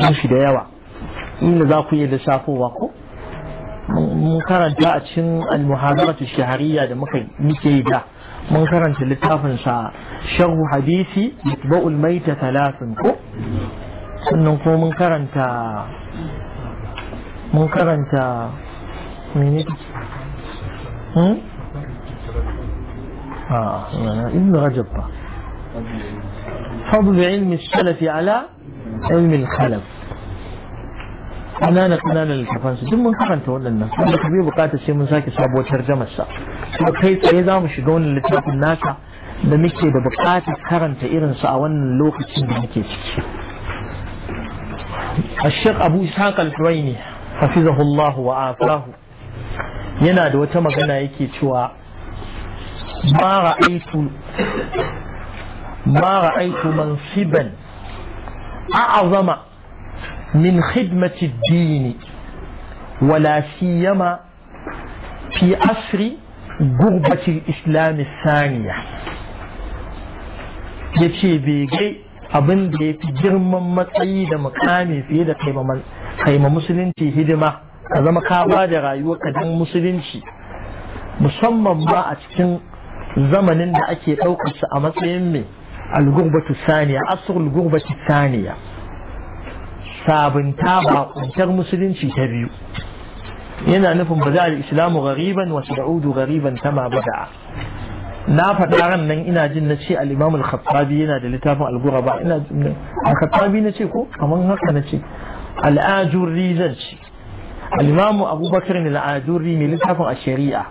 sun shi da yawa inda za ku iya lissafowa ko mun karanta a cikin al-muhadaratu shahariya da muka muke yi da mun karanta littafin sa sharhu hadisi al maita thalathun ko sannan ko mun karanta mun karanta mene ne hmm ah ina rajab ba fadl ilmi salafi ala ilmin kalam ƙananan ƙananan littafan su duk mun karanta waɗannan wanda ka bi buƙatar sai mun sake sabuwar tarjamar sa to kai tsaye za mu shiga wani littafin naka da muke da bukatar karanta irin su a wannan lokacin da muke ciki الشيخ أبو إسحاق الحويني حفظه الله وعافاه yana da wata magana yake cewa Mara ra'aitu ma أعظم من خدمة الدين ولا سيما في عصر غربة الإسلام الثانية يتي بيجي أبن دي جرم مطعي دا في دا قيمة مسلم في هدمة هذا ما كابادة غايوة كدن مسلم في مصمم ما أتكن زمن دا أكي أوكس أمسيمي al-gurbatu saniya asrul gurbatu saniya sabunta bakuntar musulunci ta biyu yana nufin ba za al-islamu wasu wa sa'udu ghariban kama bada'a na faɗa ran nan ina jin na ce al-imam al-khattabi yana da littafin al'gura ba. ina al-khattabi na ce ko kaman haka na ce al-ajurri zan ce al-imam abubakar al-ajurri mai littafin a shari'a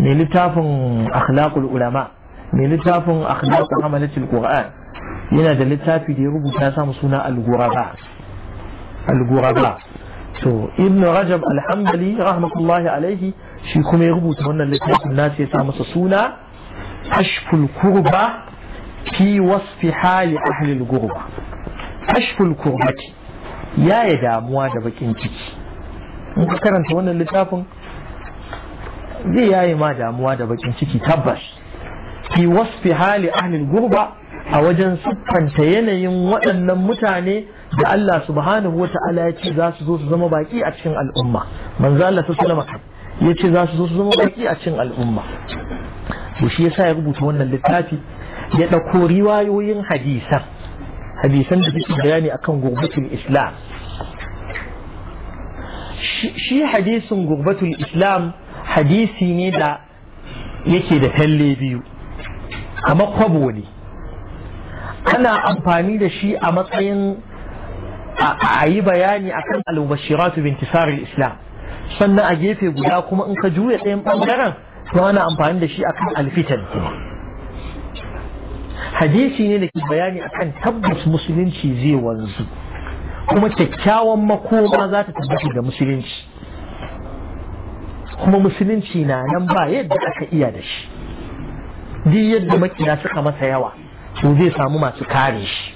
mai littafin akhlaqul ulama mai littafin akhlaq hamalatul qur'an yana da littafi da ya rubuta samu suna al-ghuraba al-ghuraba to ibn rajab al-hanbali rahmatullahi alaihi shi kuma ya rubuta wannan littafin nasu ya sa masa suna kashful kurba fi wasfi hali ahli al-ghurba kashful ya yi damuwa da bakin ciki in ka karanta wannan littafin zai yaye ma damuwa da bakin ciki tabbas fi wasfi hali ahlil gurba a wajen siffanta yanayin waɗannan mutane da Allah subhanahu wata'ala ya ce za su zo su zama baki a cikin al'umma manzo Allah sallallahu alaihi ya ce za su zo su zama baki a cikin al'umma to shi yasa ya rubuta wannan littafi ya ɗauko riwayoyin hadisan hadisan da suke bayani akan gurbatul islam shi hadisin gurbatul islam hadisi ne da yake da talle biyu A kwabo ne ana amfani da shi a matsayin a yi bayani akan kan albashiratu bin islam sannan a gefe guda kuma in ka juya ɗayan ɓangaren to ana amfani da shi a kan alfitan hadisi ne da ke bayani a kan tabbas musulunci zai wanzu kuma kyakkyawan makoma za ta tabbata da musulunci kuma musulunci na nan ba yadda aka iya da shi duk yadda makiya suka masa yawa to zai samu masu kare shi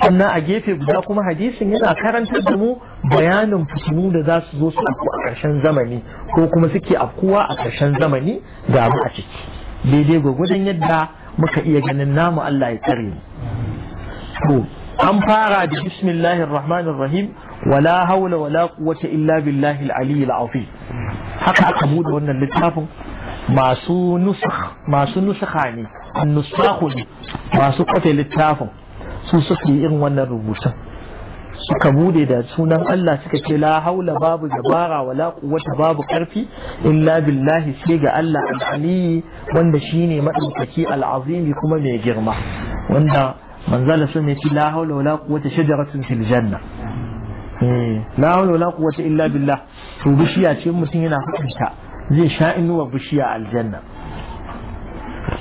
sannan a gefe guda kuma hadisin yana karantar da mu bayanin fitinu da za su zo su afku a ƙarshen zamani ko kuma suke afkuwa a ƙarshen zamani ga mu a ciki daidai gwagwadon yadda muka iya ganin namu Allah ya tsare to an fara da bismillahir rahmanir rahim wala haula wala quwwata illa billahi al-aliyyil azim haka aka bude wannan littafin masu nusakh ne annusakhu ne masu kwafe littafin su suke irin wannan rubutun suka bude da sunan Allah suka ce la haula babu jabara wala quwwata babu karfi illa billahi sai ga Allah al-ali wanda shine madaukaki al-azim kuma mai girma wanda manzala sun ce la haula wala quwwata shajaratun fil janna eh, la haula wala quwwata illa billah to bishiya ce mutum yana hukunta زي شائن وبشياء الجنة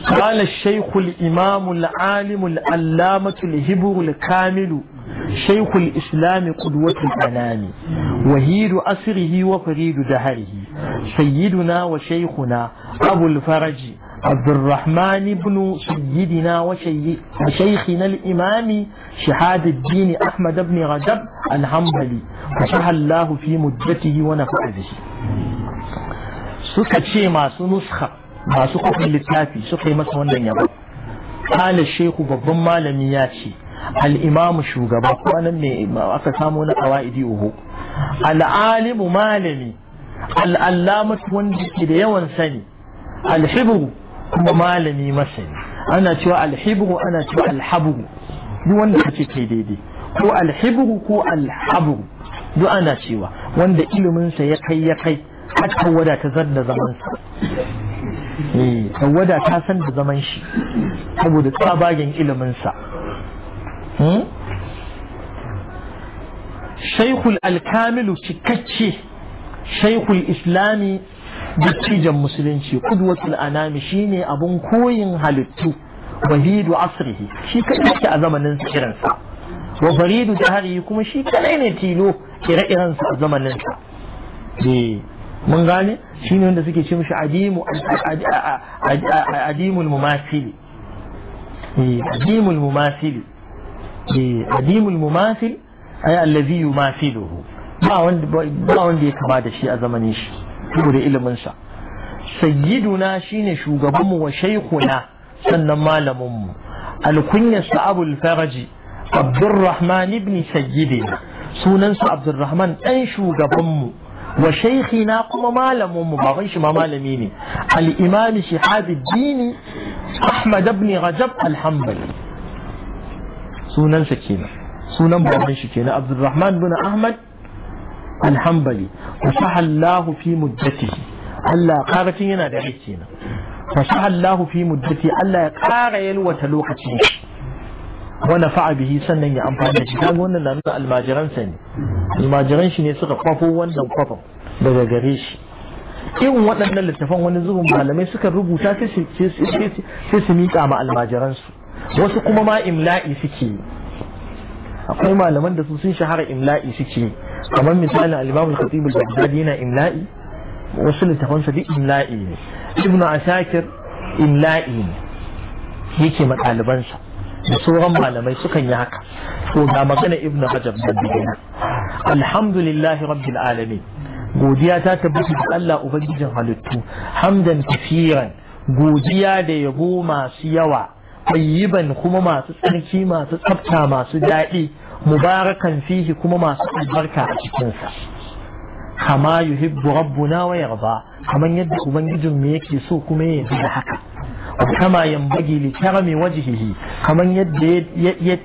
قال الشيخ الإمام العالم العلامة الهبر الكامل شيخ الإسلام قدوة الأنام وهيد أسره وفريد دهره سيدنا وشيخنا أبو الفرج عبد الرحمن بن سيدنا وشيخنا الإمام شهاد الدين أحمد بن رجب الحنبلي فشح الله في مدته ونفع به suka ce masu nuskha masu kofin littafi suka yi masa wannan yaba kala shehu babban malami ya ce al'imamu shugaba kwanan mai aka samu na kawa'idi uhu al'alimu malami al'allamatu wanda ke da yawan sani alhibru kuma malami masani ana cewa alhibru ana cewa alhabru duk wanda kace kai daidai ko alhibru ko alhabru duk ana cewa wanda iliminsa ya kai ya kai haka tawada ta zan da zaman sa eh, tawada ta san da zaman shi saboda tsabagen ilimin sa hmm? shaikhul alkamilu cikakce shaikhul islami dattijan musulunci kudwatul anami shine abun koyin halittu wahidu asrihi shi kadai yake a zamanin irinsa wa faridu jahari kuma shi kadai ne tilo ire-irensa a zamanin sa eh. mun gane shi ne wanda suke ce mishi adimul mumasili eh, adimul mumasili eh, adimul mumasil ay allazi yumasiluhu ba wanda ba wanda ya kama da shi a zamanin shi saboda ilimin sa sayyiduna shine shugaban mu wa shaykhuna sannan malamin mu alkunya sa'abul faraji abdurrahman ibn sayyidina sunan su abdurrahman dan shugaban mu وشيخي ناقم مالا لم أم مالا ميني لميني الإمام شحاب الديني أحمد بن غجب الحنبلي سونان شكينا سونان بغي شكينا عبد الرحمن بن أحمد الحنبلي وشح الله في مدته ألا قارتينا دعيتينا فشح الله في مدته ألا قارة يلوة wani bihi sannan ya amfani da shi kaga wannan na nuna almajiransa ne almajiran shi ne suka kwafo wannan kwafin daga gare shi irin waɗannan littafan wani zubin malamai suka rubuta sai su miƙa ma almajiransu wasu kuma ma imla'i suke akwai malaman da su sun shahara imla'i suke kamar misalin al-imam al baghdadi yana imla'i wasu littafansa duk imla'i ne ibnu asakir imla'i ne yake ma ɗalibansa da sauran malamai sukan yi haka to ga magana ibnu hajar da bidina alhamdulillahi rabbil alamin godiya ta tabbata da Allah ubangijin halittu hamdan kafiran godiya da yabo masu yawa tayyiban kuma masu tsarki masu tsafta masu daɗi mubarakan fihi kuma masu albarka a cikinsa kama yuhibbu rabbuna wa yarda kamar yadda ubangijin mu yake so kuma ya yarda haka kama yambagi li karami wajhihi kaman yadda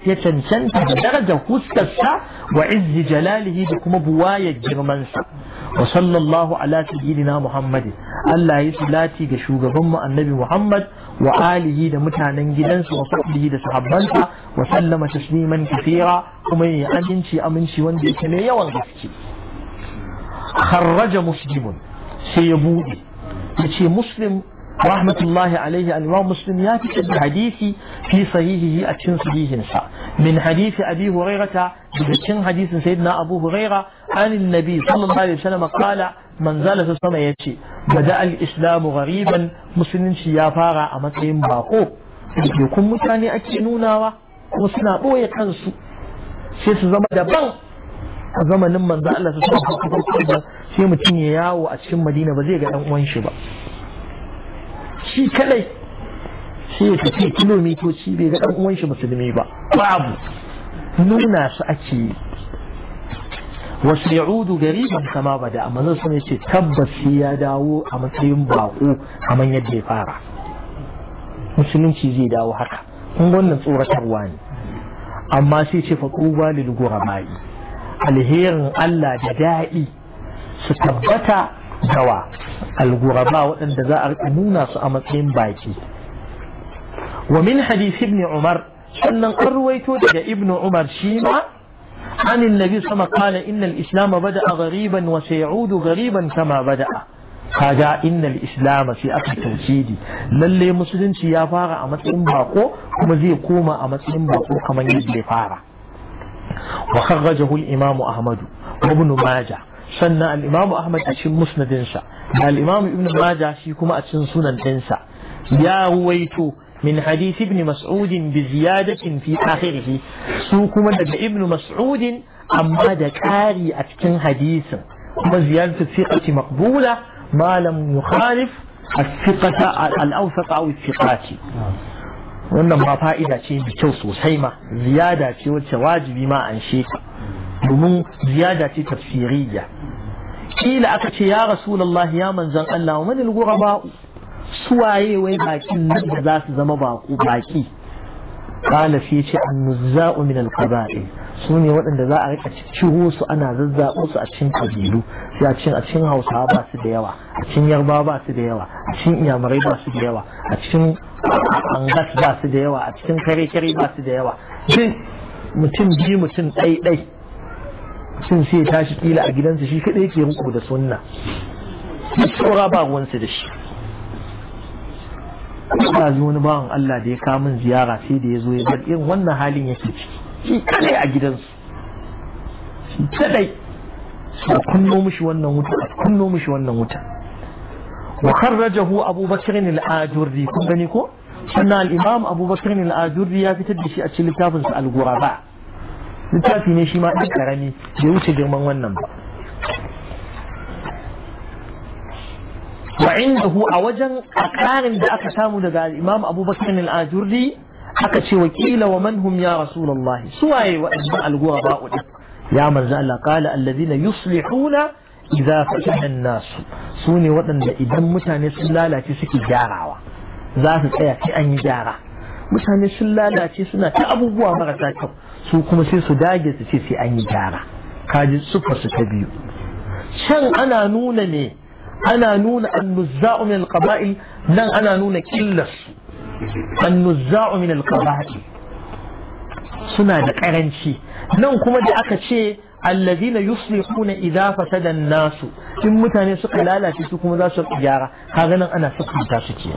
ya cancanta da darajar huskarsa wa jalalihi da kuma buwaya girmansa wa sallallahu ala sayyidina muhammad Allah ya salati ga shugaban mu annabi muhammad wa alihi da mutanen gidansa wa sahbihi da sahabbansa wa sallama tasliman kathira kuma ya aminci aminci wanda yake ne yawan gaske kharraja muslimun sai ya buɗe yace muslim رحمة الله عليه الله مسلم ياتي الحديث في صحيحه أتشن صحيح من حديث أبي هريرة بكين حديث سيدنا أبو هريرة عن النبي صلى الله عليه وسلم قال من زال في السماء يتشي بدأ الإسلام غريبا مسلم شيافارا أمتهم باقو يكون متاني أكينونا وسنا بوي كنسو sai زمان zama زمان من زال في السماء su sa su sai مدينة ya yawo a shi kadai shi ya tafi kilomitoci bai ga ɗan uwan shi musulmi ba babu nuna su ake yi wasu ya'udu gariban kama ba da amma zan sani ce tabbas ya dawo a matsayin bako manyan da ya fara musulunci zai dawo haka kun wannan tsoratarwa ne amma sai ce fa kuba lil gurabai alherin Allah da daɗi su tabbata dawa al-ghuraba waɗanda za a rika nuna su a matsayin baki wa min hadith ibn umar sannan an ruwaito daga ibn umar shi ma عن النبي صلى الله عليه وسلم قال إن الإسلام بدأ غريبا وسيعود غريبا كما بدأ kaga innal islam sai aka tauhidi lalle musulunci ya fara a matsayin bako kuma zai koma a matsayin bako kamar yadda ya fara wa kharrajahu al-imam ahmad wa ibn majah سنة الإمام أحمد أشي مسنة دنسا الإمام ابن ماجه أشي كما أشي سنة يا هويتو من حديث ابن مسعود بزيادة في آخره سوكما ابن مسعود أما دكاري أتكن حديث أما زيادة الثقة مقبولة ما لم يخالف الثقة الأوثق أو الثقات وإنما فائدة شيء بشوص وسيمة زيادة شيء واجبي ما أنشيك domin ziyada ce tafsiriyya kila aka ce ya rasulullah ya manzan Allah wa manil guraba'u suwaye wai bakin nan da za su zama baku baki kala sai ce annuzza'u min alqaba'i su ne waɗanda za a rika ciro su ana zazzabo su a cikin kabilu sai a cikin a cikin Hausawa ba su da yawa a cikin Yarba ba su da yawa a cikin Iyamarai ba su da yawa a cikin Angas ba su da yawa a cikin Kare Kare ba su da yawa duk mutum biyu mutum ɗai ɗai sun sai tashi kila a gidansa shi kaɗai ke ruku da sunna saura ba ruwansa da shi ina zo wani bawan Allah da ya kamun min ziyara sai da ya zo ya bar irin wannan halin yake ciki shi kaɗai a gidansu shi kaɗai a kunno mishi wannan wuta a kunno mishi wannan wuta wa kharrajahu Abu Abubakar ne ajurri kun gani ko sannan al-Imam ne Bakr ya fitar da shi a cikin littafin sa al-Ghuraba littafi ne shi ma ɗan ƙarami bai wuce girman wannan ba wa indahu a wajen ƙarin da aka samu daga imam abubakar al aka ce wakila wa man ya rasulullah suwaye waɗannan alguwa ba uɗi ya manzo Allah qala alladhina yuslihuna idza fashana an-nas sune waɗanda idan mutane sun lalace suke gyarawa za su tsaya sai an yi gyara mutane sun lalace suna ta abubuwa marasa kyau su kuma sai su dage su ce sai an yi gyara kaji sufar su ta biyu can ana nuna ne ana nuna annuzza'u min alqaba'il nan ana nuna killas annuzza'u min alqaba'il suna da karanci nan kuma da aka ce alladhina yuslihuna idha fasada an nasu in mutane suka lalace su kuma za su gyara kaga nan ana sukunta su ce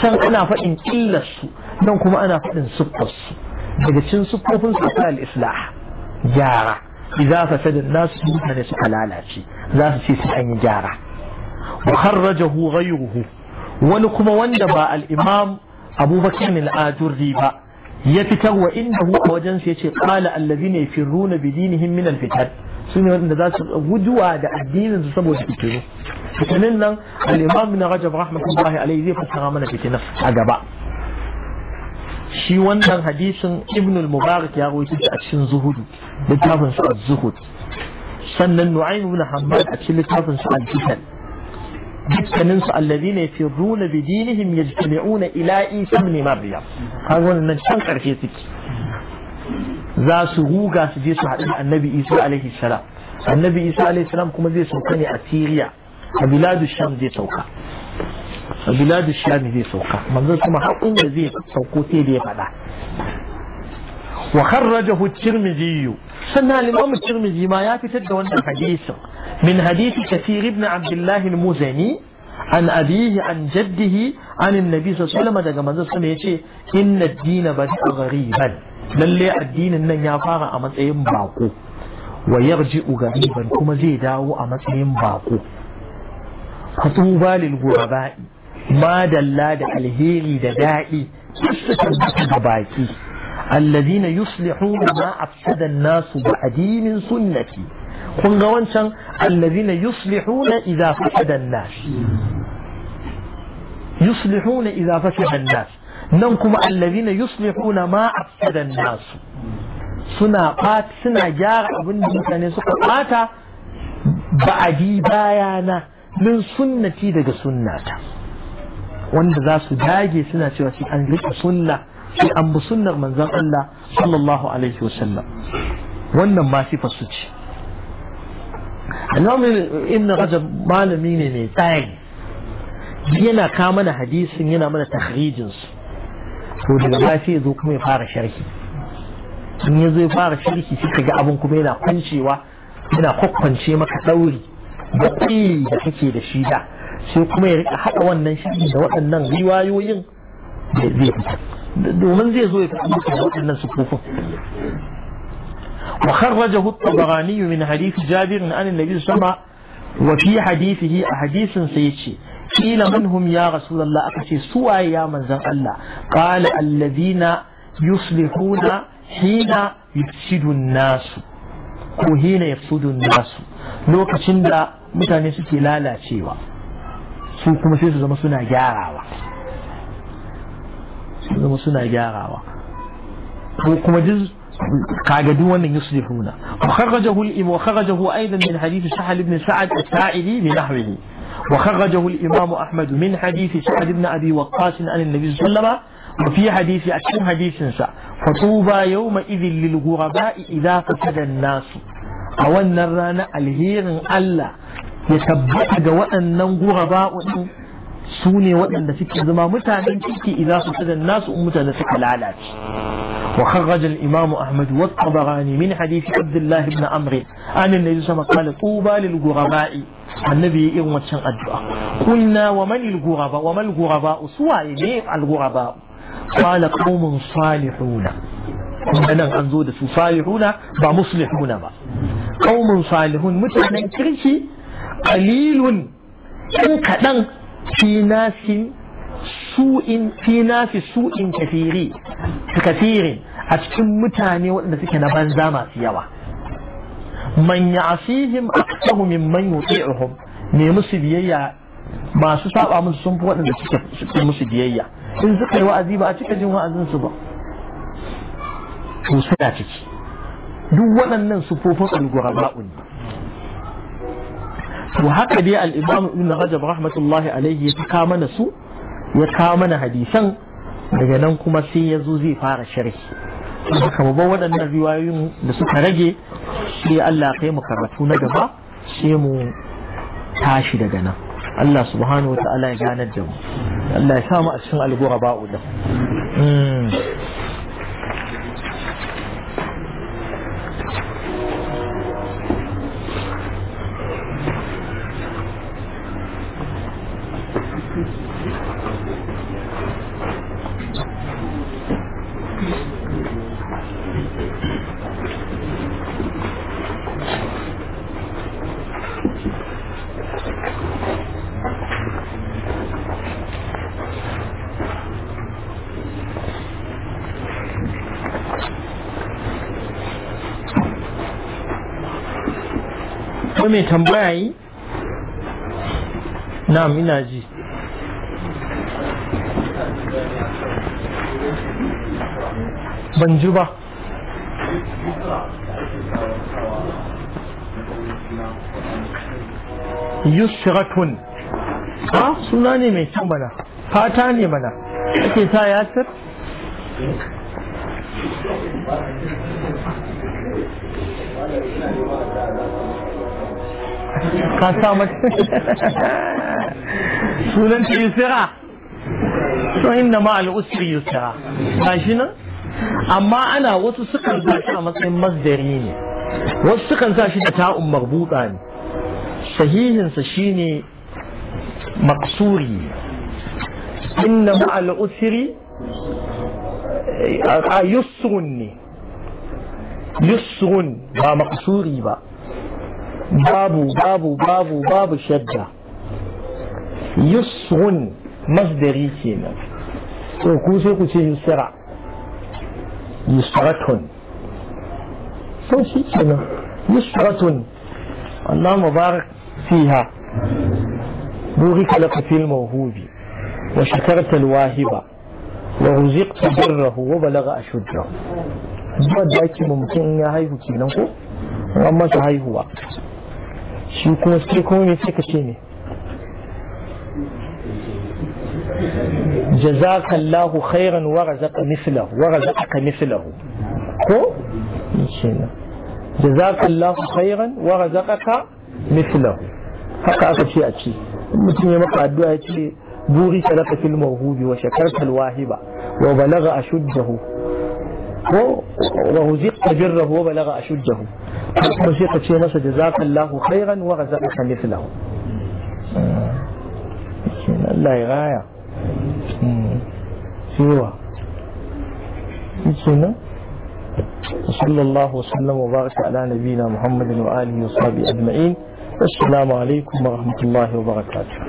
san ana faɗin killas su nan kuma ana faɗin sukkar su daga cin siffofin sa al-islah gyara idza fasada an-nas mutane suka lalace za su ce su an yi gyara wa kharrajahu ghayruhu wani kuma wanda ba al-imam abubakar min al-ajurri ba ya fitar wa indahu a wajen sa yace qala allazina yafirruna bi dinihim min al-fitan sune wanda za su guduwa da addinin su saboda fitinu fitinin nan al-imam min rajab rahmatullahi alayhi zai fassara mana fitinan a gaba shi wannan hadisin ibn al-mubarak ya rawaito a cikin zuhudu littafin sa zuhud sannan nu'aym ibn hammad a cikin littafin sa al-fitan dukkanin su alladhina yafirruna bi dinihim yajtami'una ila isa ibn maryam Har wannan can karshe suke za su ruga su je su haɗu da annabi isa alaihi salam annabi isa alaihi salam kuma zai sauka ne a siriya a biladu sham zai sauka a biladu zai sauka manzon kuma haƙun zai sauko sai da ya faɗa wa kharrajahu tirmidhi sannan al-imam tirmidhi ma ya fitar da wannan hadisin min hadisi kathir ibn abdullah al-muzani an abihi an jaddihi an annabi sallallahu alaihi daga manzon sama yace inna ad-dina bada ghariban lalle addinin nan ya fara a matsayin bako wa yarji'u ghariban kuma zai dawo a matsayin bako فطوبى للغرباء ما دلا da alheri da daɗi su tabbata da baki alladhina yuslihuna ma afsada an-nasu ba'dinin sunnati kun ga wancan alladhina yuslihuna idza fasada an-nas yuslihuna idza fasada an-nas nan kuma alladhina yuslihuna ma afsada an-nas suna suna gyara abin da mutane suka bata ba'adi bayana min sunnati daga sunnata wanda za su dage suna cewa shi an riƙe sunna shi an bi sunnar manzon Allah sallallahu alaihi wasallam wannan ma sifar su ce Imam Ibn Rajab malami ne mai tsayi yana ka mana hadisin yana mana tahrijin su to daga ba sai zo kuma ya fara sharhi in ya zo ya fara sharhi sai ka ga abin kuma yana kwancewa yana kwakwance maka dauri matsayi da kake da shi da sai kuma ya rika haɗa wannan shirin da waɗannan riwayoyin da zai fita domin zai zo ya fi amurka da waɗannan sufufin وخرجه الطبراني من حديث جابر عن النبي صلى الله عليه وسلم وفي حديثه أحاديث سيتشي قيل من هم يا رسول الله أكشي سوى يا من الله قال الذين يصلحون حين يفسد الناس ko hina ya fudu nasu lokacin da mutane suke lalacewa su kuma sai su zama suna gyarawa su zama suna gyarawa ko kuma duk kaga duk wannan yuslihuna wa kharajahu al-imam wa kharajahu aidan min hadith sahal ibn sa'ad as-sa'idi li nahwihi wa kharajahu al-imam ahmad min hadith الإمام ibn abi حديث an an-nabi وقاص عن النبي صلى الله عليه وسلم fa tuba yawma idhil lil ghuraba idha للغرباء an-nas a wannan rana alherin Allah ya tabbata ga waɗannan guraba waɗin su ne waɗanda suke zama mutanen kirki idan su tsadan nasu in mutane suka lalace وخرج الإمام أحمد والطبراني من حديث عبد الله بن عمرو عن النبي صلى الله عليه وسلم قال طوبى للغرباء النبي إن وشن الدعاء قلنا ومن الغرباء وما الغرباء سوى الغرباء قال قوم صالحون nan an zo da su salihuna ba muslihuna ba qaumun salihun mutanen kirki qalilun in kaɗan fi nasin su'in fi nasi su'in kafiri kafirin a cikin mutane waɗanda suke na banza masu yawa man ya'sihim aktsahu mimman yuti'uhum ne musu biyayya masu saba musu sun fi waɗanda suke musu biyayya in suka yi wa'azi ba a cika jin wa'azin su ba to suna ciki duk waɗannan sufofin algura ba'un ne to haka dai al-imam ibn rajab rahmatullahi alaihi ya ka mana su ya ka mana hadisan daga nan kuma sai ya zo zai fara sharhi haka babban waɗannan riwayoyin da suka rage sai Allah kai mu karatu na gaba sai mu tashi daga nan Allah subhanahu wa ta'ala ya ganar da mu Allah ya samu a cikin algura ba'u da akwai mai tambaya yi na'am ina ji ban ji ba yusratun ha suna ne mai can mana fata ne mana ake sa yasir Thank you. ka sa mata sunan ta yusra to inna ma usri gashi nan amma ana wasu sukan sa shi a matsayin masdari ne wasu sukan sa shi da ta'un marbuta ne sahihinsa shine maksuri inna ma al-usri eh, yusrun ne yusrun ba maksuri ba باب باب باب باب شدة يسغن مصدري كينا وكوسي كوسي يسرع يسرة سوشي كينا يسرة الله مبارك فيها بوغي لك في الموهوب وشكرت الواهبة ورزقت بره وبلغ أشده ما دايك ممكن يا هاي هو كينا هو وما masa هو shi kuma sai kuma me sai ka ce ne جزاك الله خيرا ورزق مثله ورزقك مثله كو جزاك الله خيرا ورزقك مثله haka aka ce a ce mutum ya maka addu'a ya ce buri sadaka fil mawhubi wa shakarta al wahiba wa balagha ashuddahu ko wa huziqta birrahu wa balagha ashuddahu مشيخة شيء مشا جزاك الله خيرا وغزاك مثله الله غاية سوى سنة وصلى الله وسلم وبارك على نبينا محمد وآله وصحبه أجمعين السلام عليكم ورحمة الله وبركاته